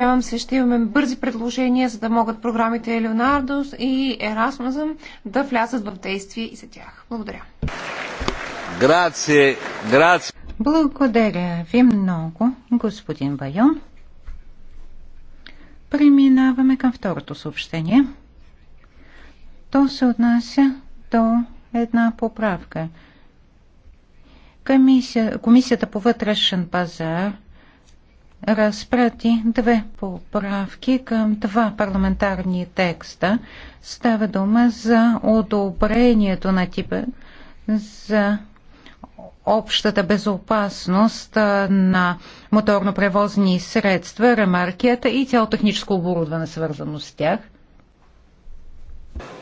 Надявам се, ще имаме бързи предложения, за да могат програмите Леонардос и Ерасмазъм да влязат в действие и за тях. Благодаря. Грация, грация. Благодаря ви много, господин Байон. Преминаваме към второто съобщение. То се отнася до една поправка. Комисия, комисията по вътрешен пазар – разпрати две поправки към два парламентарни текста. Става дума за одобрението на типа за общата безопасност на моторно превозни средства, ремаркията и цяло техническо оборудване, свързано с тях.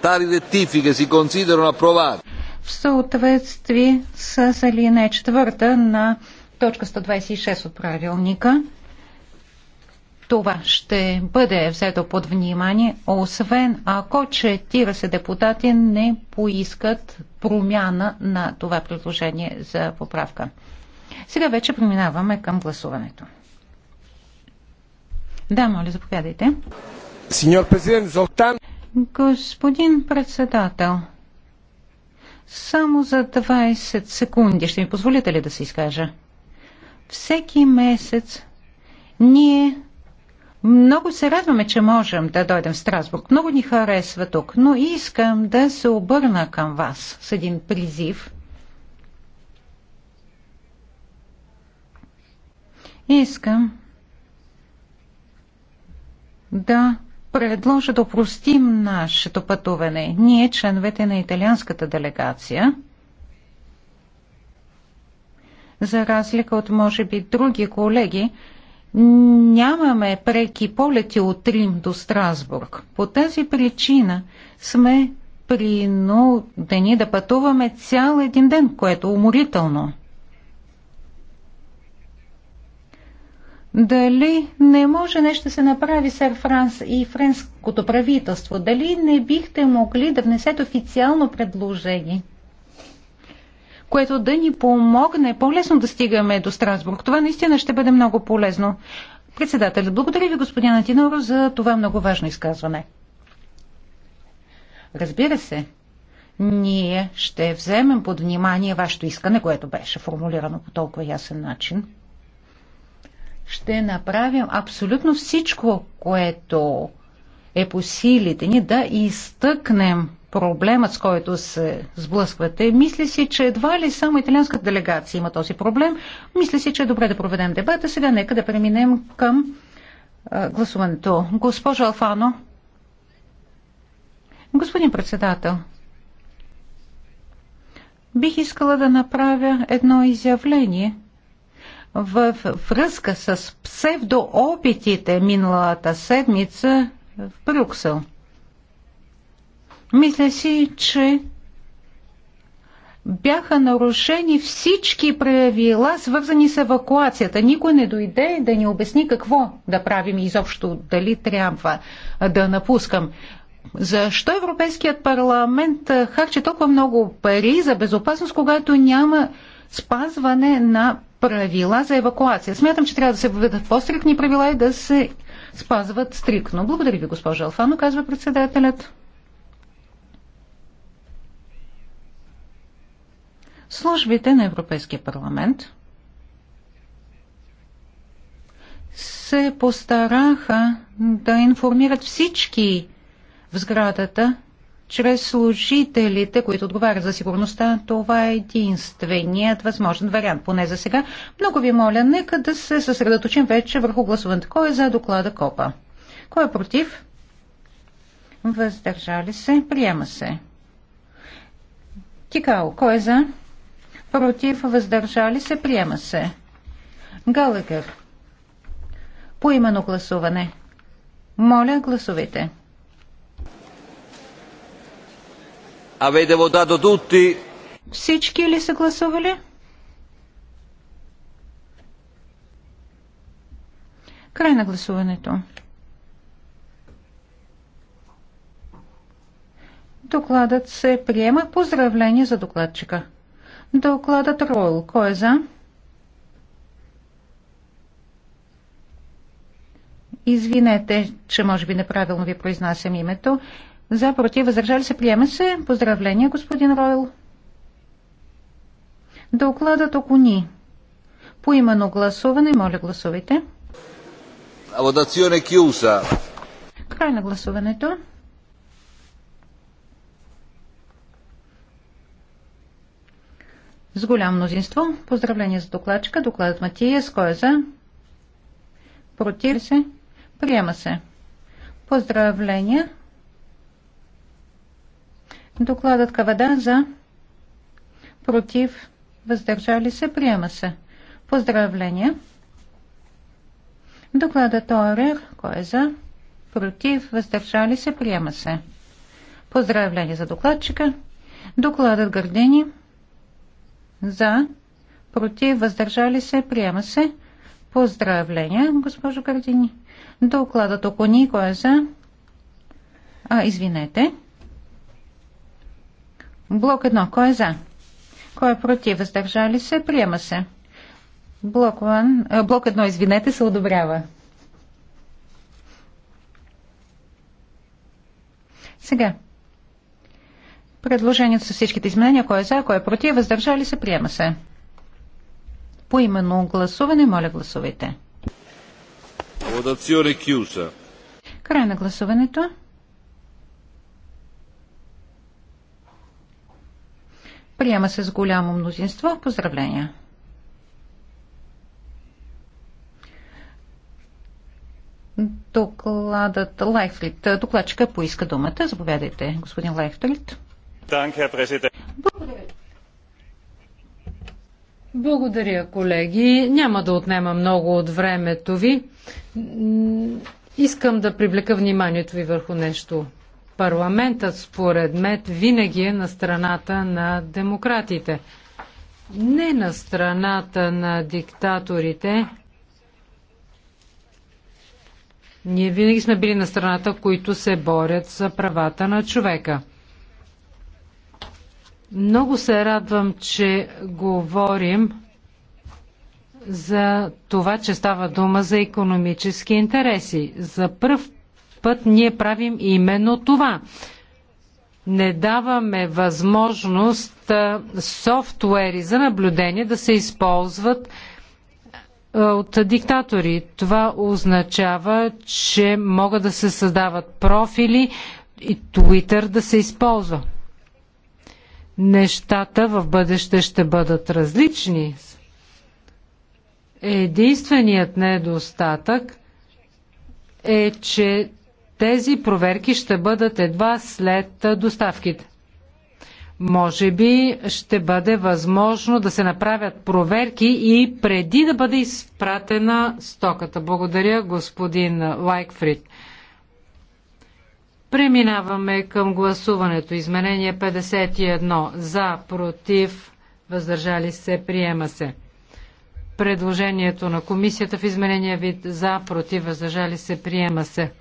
Tali rettifiche si considerano approvate. В съответствие с алинея четвърта на точка 126 от правилника това ще бъде взето под внимание, освен ако 40 депутати не поискат промяна на това предложение за поправка. Сега вече преминаваме към гласуването. Да, моля, заповядайте. Сеньор президент Золтан. Господин председател, само за 20 секунди ще ми позволите ли да се изкажа? Всеки месец ние много се радваме, че можем да дойдем в Страсбург. Много ни харесва тук, но искам да се обърна към вас с един призив. Искам да предложа да простим нашето пътуване. Ние, членовете на италианската делегация, за разлика от, може би, други колеги, нямаме преки полети от Рим до Страсбург. По тази причина сме принудени да пътуваме цял един ден, което е уморително. Дали не може нещо да се направи Сър Франс и френското правителство? Дали не бихте могли да внесете официално предложение? което да ни помогне по-лесно да стигаме до Страсбург. Това наистина ще бъде много полезно. Председател, благодаря ви, господин Атиноро, за това много важно изказване. Разбира се, ние ще вземем под внимание вашето искане, което беше формулирано по толкова ясен начин. Ще направим абсолютно всичко, което е по силите ни да изтъкнем проблемът, с който се сблъсквате. Мисля си, че едва ли само италианската делегация има този проблем. Мисля си, че е добре да проведем дебата. Сега нека да преминем към а, гласуването. Госпожо Алфано. Господин председател, бих искала да направя едно изявление в връзка с псевдоопитите миналата седмица в Брюксел – мисля си, че бяха нарушени всички правила, свързани с евакуацията. Никой не дойде да ни обясни какво да правим изобщо, дали трябва да напускам. Защо Европейският парламент харчи толкова много пари за безопасност, когато няма спазване на правила за евакуация? Смятам, че трябва да се въведат по-стрикни правила и да се спазват стрикно. Благодаря ви, госпожа Алфано, казва председателят. Службите на Европейския парламент се постараха да информират всички в сградата, чрез служителите, които отговарят за сигурността, това е единственият възможен вариант, поне за сега. Много ви моля, нека да се съсредоточим вече върху гласуването. Кой е за доклада КОПА? Кой е против? Въздържали се? Приема се. Тикао, кой е за? против, въздържали се, приема се. Галагър. Поимено гласуване. Моля, гласувайте. Avete votato tutti? Всички ли са гласували? Край на гласуването. Докладът се приема. Поздравление за докладчика. Докладът Ройл. Кой е за? Извинете, че може би неправилно ви произнасям името. За, против, възражали се, приема се. Поздравления, господин Ройл. Докладът Окуни. По именно гласуване, моля гласувайте. Водационе Кюса. Край на гласуването. с голям мнозинство. Поздравление за докладчика. Докладът Матиес. Кой е за? Против се? Приема се. Поздравление. Докладът Кавада за? Против? Въздържали се? Приема се. Поздравление. Докладът Орер. Кой е за? Против? Въздържали се? Приема се. Поздравление за докладчика. Докладът Гърдени. За. Против. Въздържали се. Приема се. Поздравления, госпожо Гардини. Докладът окони, кой е за? А, извинете. Блок 1. Кой е за? Кой е против? Въздържали се? Приема се. Блок, 1, блок 1, извинете, се одобрява. Сега предложението с всичките изменения. Кой е за, кой е против, въздържали се, приема се. По именно гласуване, моля гласувайте. Votazione chiusa. Край на гласуването. Приема се с голямо мнозинство. Поздравления! Докладът Лайфлит. Докладчика поиска думата. Заповядайте, господин Лайфлит. Благодаря. Благодаря, колеги. Няма да отнема много от времето ви. Искам да привлека вниманието ви върху нещо. Парламентът, според мен, винаги е на страната на демократите. Не на страната на диктаторите. Ние винаги сме били на страната, които се борят за правата на човека. Много се радвам, че говорим за това, че става дума за економически интереси. За първ път ние правим именно това. Не даваме възможност софтуери за наблюдение да се използват от диктатори. Това означава, че могат да се създават профили и Twitter да се използва нещата в бъдеще ще бъдат различни. Единственият недостатък е, че тези проверки ще бъдат едва след доставките. Може би ще бъде възможно да се направят проверки и преди да бъде изпратена стоката. Благодаря, господин Лайкфрид. Преминаваме към гласуването. Изменение 51. За, против, въздържали се, приема се. Предложението на комисията в изменение вид за, против, въздържали се, приема се.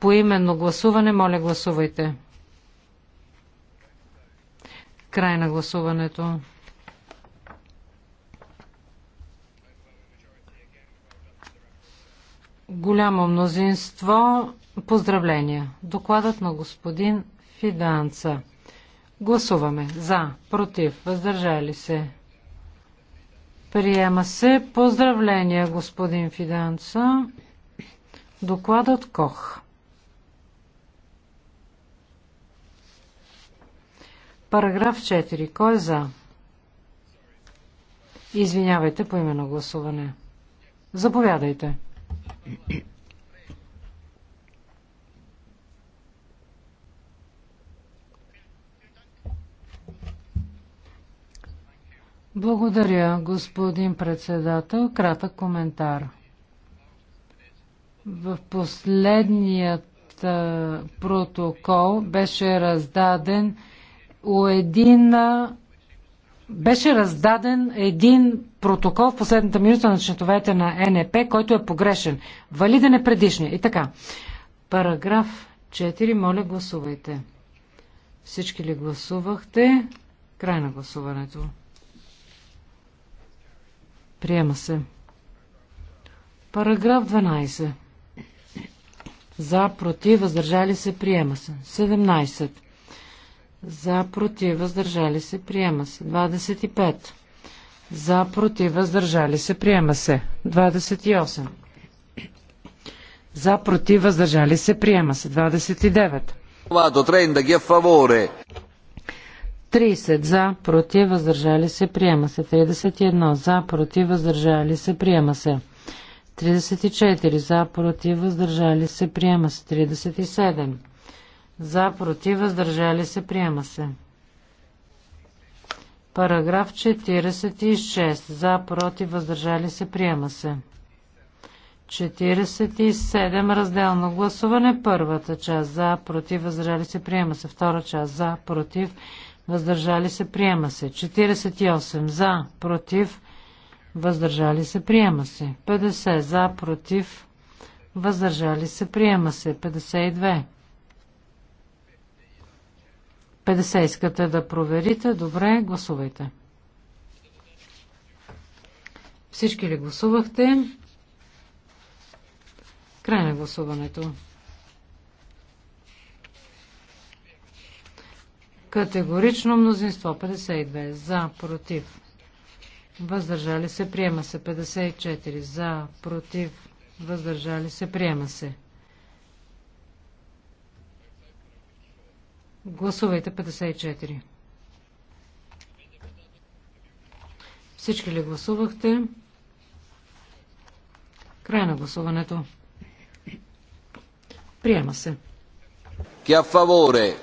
По именно гласуване, моля гласувайте. Край на гласуването. Голямо мнозинство Поздравления. Докладът на господин Фиданца. Гласуваме за, против, въздържали се. Приема се. Поздравления, господин Фиданца. Докладът Кох. Параграф 4. Кой е за? Извинявайте по на гласуване. Заповядайте. Благодаря, господин председател. Кратък коментар. В последният протокол беше раздаден у един беше раздаден един протокол в последната минута на членовете на НЕП, който е погрешен. Валиден е предишния. И така. Параграф 4. Моля, гласувайте. Всички ли гласувахте? Край на гласуването. Приема се. Параграф 12. За, против, въздържали се, приема се. 17. За, против, въздържали се, приема се. 25. За, против, въздържали се, приема се. 28. За, против, въздържали се, приема се. 29. Вато 30 е a фаворе. 30 за, против, въздържали се, приема се. 31 за, против, въздържали се, приема се. 34 за, против, въздържали се, приема се. 37 за, против, въздържали се, приема се. Параграф 46 за, против, въздържали се, приема се. 47 разделно гласуване. Първата част за, против, въздържали се, приема се. Втора част за, против, се въздържали се, приема се. 48 за, против, въздържали се, приема се. 50 за, против, въздържали се, приема се. 52. 50 искате да проверите. Добре, гласувайте. Всички ли гласувахте? Край на гласуването. Категорично мнозинство 52 за, против. Въздържали се, приема се 54 за, против. Въздържали се, приема се. Гласувайте 54. Всички ли гласувахте? Край на гласуването. Приема се. Chi a favore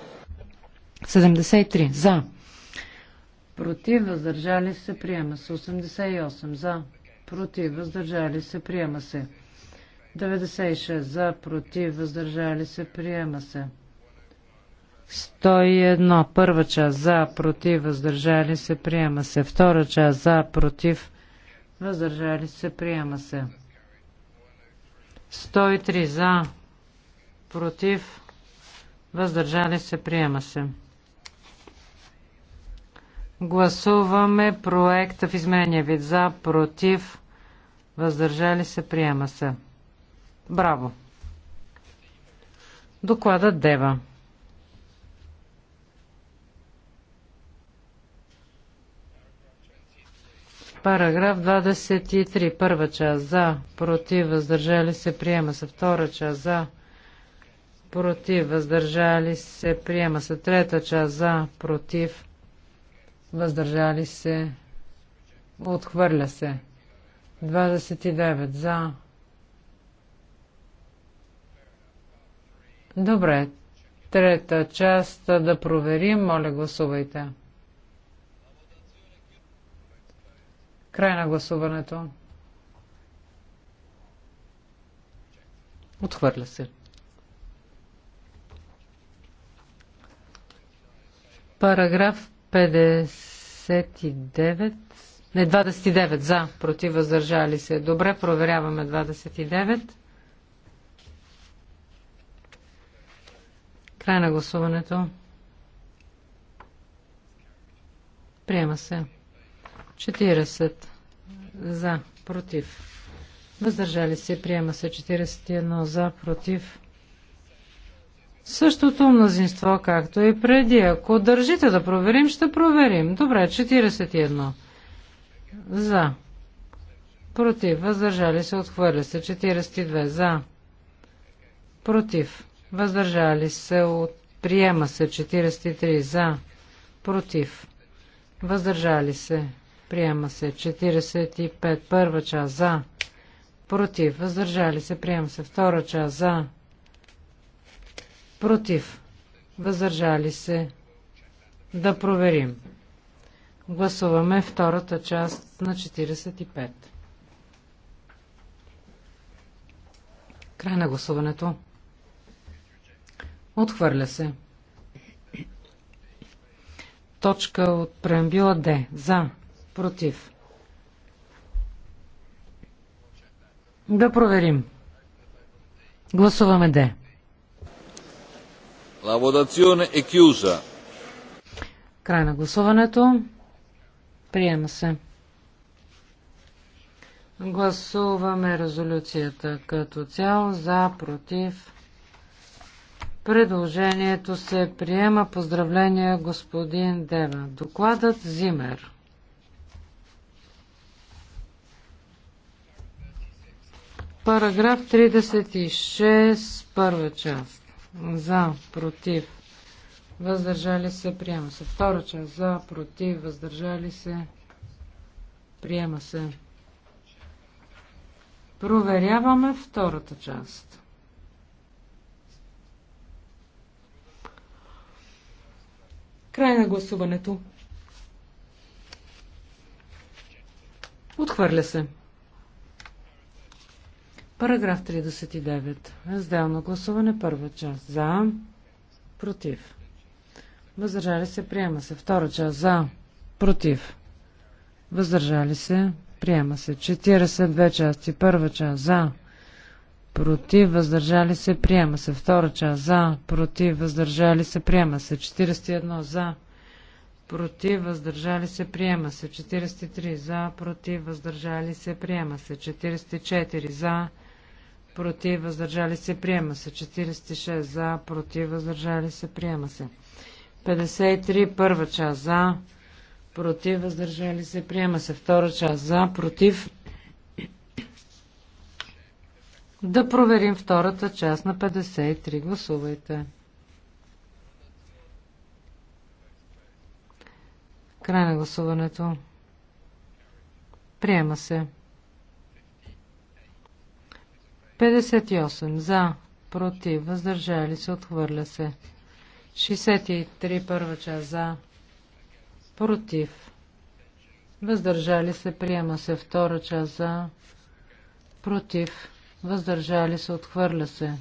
73 за. Против, въздържали се, приема се. 88 за. Против, въздържали се, приема се. 96 за. Против, въздържали се, приема се. 101. Първа част за, против, въздържали се, приема се. Втора част за, против, въздържали се, приема се. 103 за, против, въздържали се, приема се. Гласуваме проекта в изменения вид за, против, въздържали се, приема се. Браво! Доклада Дева. Параграф 23. Първа част за, против, въздържали се, приема се. Втора част за, против, въздържали се, приема се. Трета част за, против, въздържали се, отхвърля се. 29 за. Добре, трета част да проверим, моля гласувайте. Край на гласуването. Отхвърля се. Параграф 59. Не, 29 за, против, въздържали се. Добре, проверяваме 29. Край на гласуването. Приема се. 40 за, против. Въздържали се. Приема се 41 за, против. Същото мнозинство, както и преди. Ако държите да проверим, ще проверим. Добре, 41. За. Против. Въздържали се. Отхвърля се. 42. За. Против. Въздържали се. От... Приема се. 43. За. Против. Въздържали се. Приема се. 45. Първа част. За. Против. Въздържали се. Приема се. Втора част. За Против. Въздържали се. Да проверим. Гласуваме втората част на 45. Край на гласуването. Отхвърля се. Точка от преамбила Д. За. Против. Да проверим. Гласуваме Д. La votazione è chiusa. Край на гласуването. Приема се. Гласуваме резолюцията като цяло за, против. Предложението се приема. Поздравления господин Дева. Докладът Зимер. Параграф 36, първа част за, против, въздържали се, приема се. Втора част за, против, въздържали се, приема се. Проверяваме втората част. Край на гласуването. Отхвърля се. Параграф 39. Разделно гласуване. Първа част. За. Против. Въздържали се. Приема се. Втора част. За. Против. Въздържали се. Приема се. 42 части. Първа част. За. Против. Въздържали се. Приема се. Втора част. За. Против. Въздържали се. Приема се. 41. За. Против. Въздържали се. Приема се. 43. За. Против. Въздържали се. Приема се. 44. За против, въздържали се, приема се. 46 за, против, въздържали се, приема се. 53 първа част за, против, въздържали се, приема се. Втора част за, против. Да проверим втората част на 53. Гласувайте. Край на гласуването. Приема се. 58 за, против, въздържали се, отхвърля се. 63 първа част за, против, въздържали се, приема се. Втора част за, против, въздържали се, отхвърля се.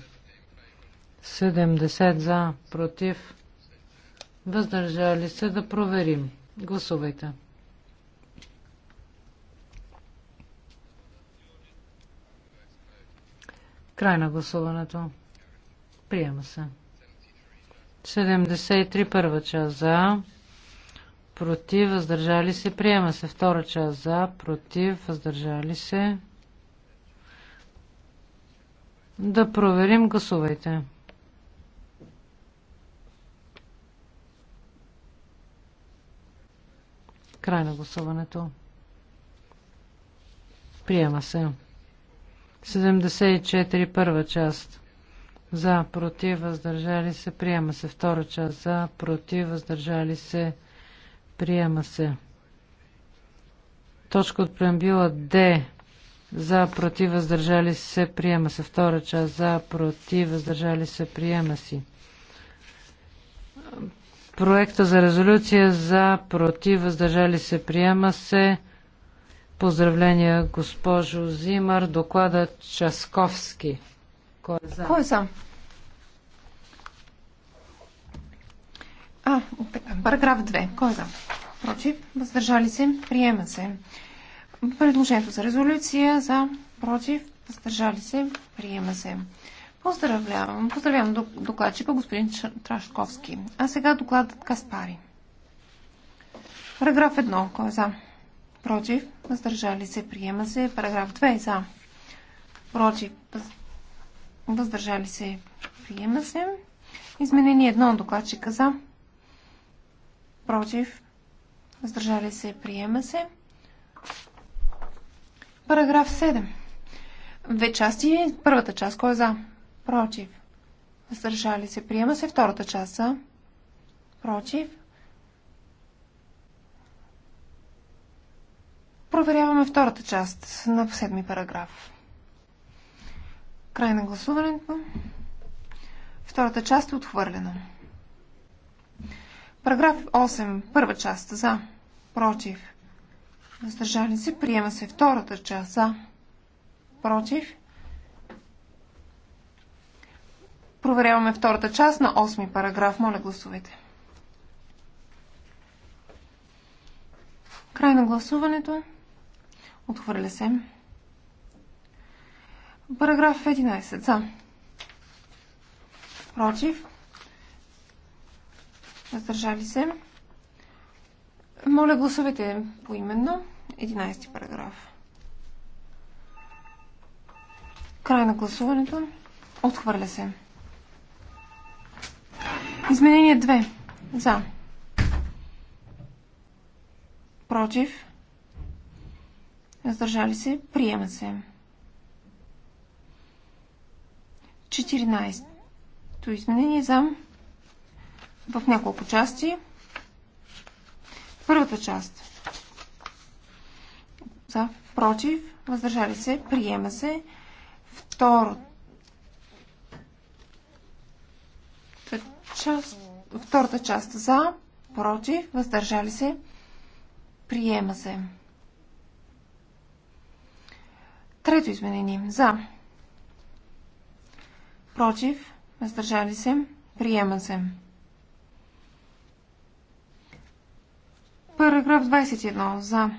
70 за, против, въздържали се, да проверим. Гласувайте. Край на гласуването. Приема се. 73 първа част за, против, въздържали се, приема се. Втора част за, против, въздържали се. Да проверим, гласувайте. Край на гласуването. Приема се. 74 първа част. За, против, въздържали се, приема се. Втора част. За, против, въздържали се, приема се. Точка от преамбила Д. За, против, въздържали се, приема се. Втора част. За, против, въздържали се, приема си. Проекта за резолюция за, против, въздържали се, приема се. Поздравления, госпожо Зимар. Доклада Часковски. Кой е за? Кой е за? А, така, параграф 2. Кой е за? Против? Въздържали се? Приема се. Предложението за резолюция за против? Въздържали се? Приема се. Поздравлявам. Поздравявам докладчика господин Трашковски. А сега докладът Каспари. Параграф 1. Кой е за? против, въздържали се, приема се. Параграф 2 за, против, въздържали се, приема се. Изменение 1 от докладчика за, против, въздържали се, приема се. Параграф 7. Две части. Първата част, кой е за? Против. Въздържали се, приема се. Втората част за, против, Проверяваме втората част на седми параграф. Край на гласуването. Втората част е отхвърлена. Параграф 8. Първа част. За. Против. Въздържали се. Приема се втората част. За. Против. Проверяваме втората част на 8 параграф. Моля, гласувайте. Край на гласуването. Отхвърля се. Параграф 11. За. Против. Въздържали се. Моля, гласувайте поименно. 11 параграф. Край на гласуването. Отхвърля се. Изменение 2. За. Против. Въздържали се. Приема се. 14-то изменение за в няколко части. Първата част за против, въздържали се, приема се. Второ, част, втората част за против, въздържали се, приема се. Трето изменение. За. Против. Въздържали се. Приема се. Параграф 21. За.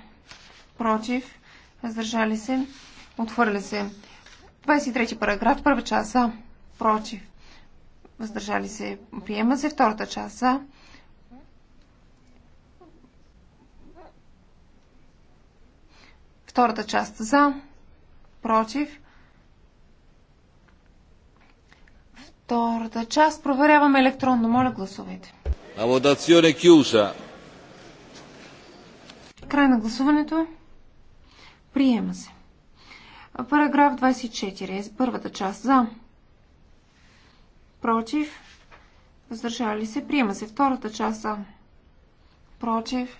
Против. Въздържали се. отвърля се. 23 параграф. Първа част. За. Против. Въздържали се. Приема се. Втората част. За. Втората част. За Против. Втората част проверяваме електронно. Моля, гласувайте. La votazione chiusa. Край на гласуването. Приема се. Параграф 24. Първата част. За. Против. Въздържали се. Приема се. Втората част. За. Против.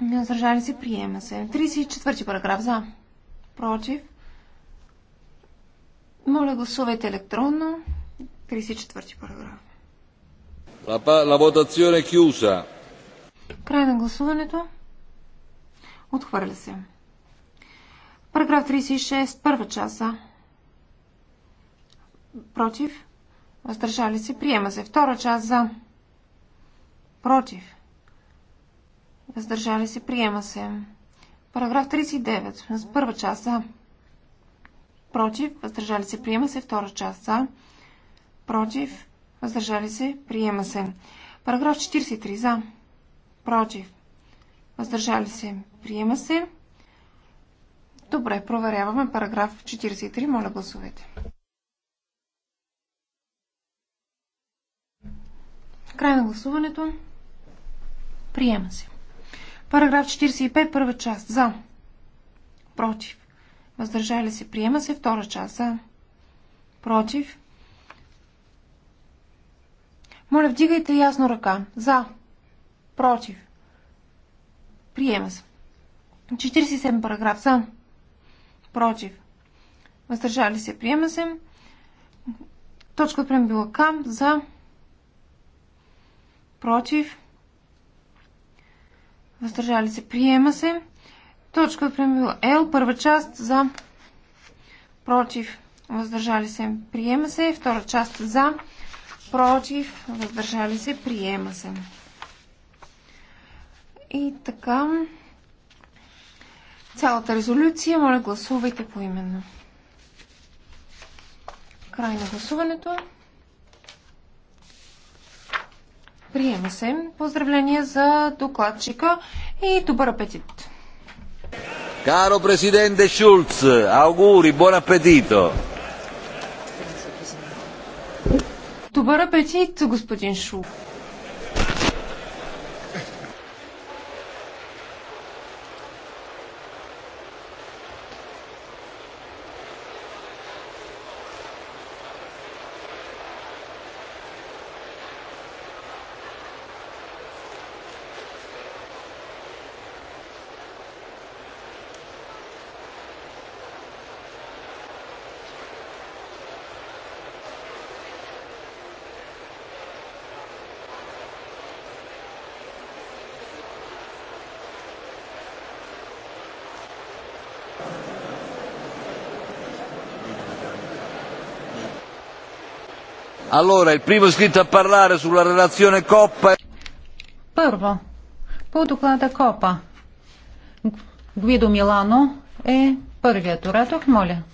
Въздържали се. Приема се. 34 параграф. За против. Моля, гласувайте електронно. 34 параграф. La, la е chiusa. Край на гласуването. Отхвърля се. Параграф 36, първа часа. Против. Въздържали се. Приема се. Втора част за. Против. Въздържали се. Приема се. Параграф 39. С първа част за. Против. Въздържали се. Приема се. Втора част за. Против. Въздържали се. Приема се. Параграф 43. За. Против. Въздържали се. Приема се. Добре, проверяваме параграф 43. Моля, гласувайте. Край на гласуването. Приема се. Параграф 45, първа част. За. Против. Въздържали се. Приема се втора част. За. Против. Моля, вдигайте ясно ръка. За. Против. Приема се. 47 параграф. За. Против. Въздържали се. Приема се. Точка от била К. За. Против въздържали се, приема се. Точка от преамбюла L, първа част за, против, въздържали се, приема се. Втора част за, против, въздържали се, приема се. И така, цялата резолюция, моля гласувайте поименно. Край на гласуването. Приема се. Поздравления за докладчика и добър апетит. Каро президент Шулц, аугури, бон апетито. Добър апетит, господин Шулц. Allora, il primo iscritto a parlare sulla relazione Coppa... Първо, по доклада Копа. Гвидо Милано е първият оратор, моля.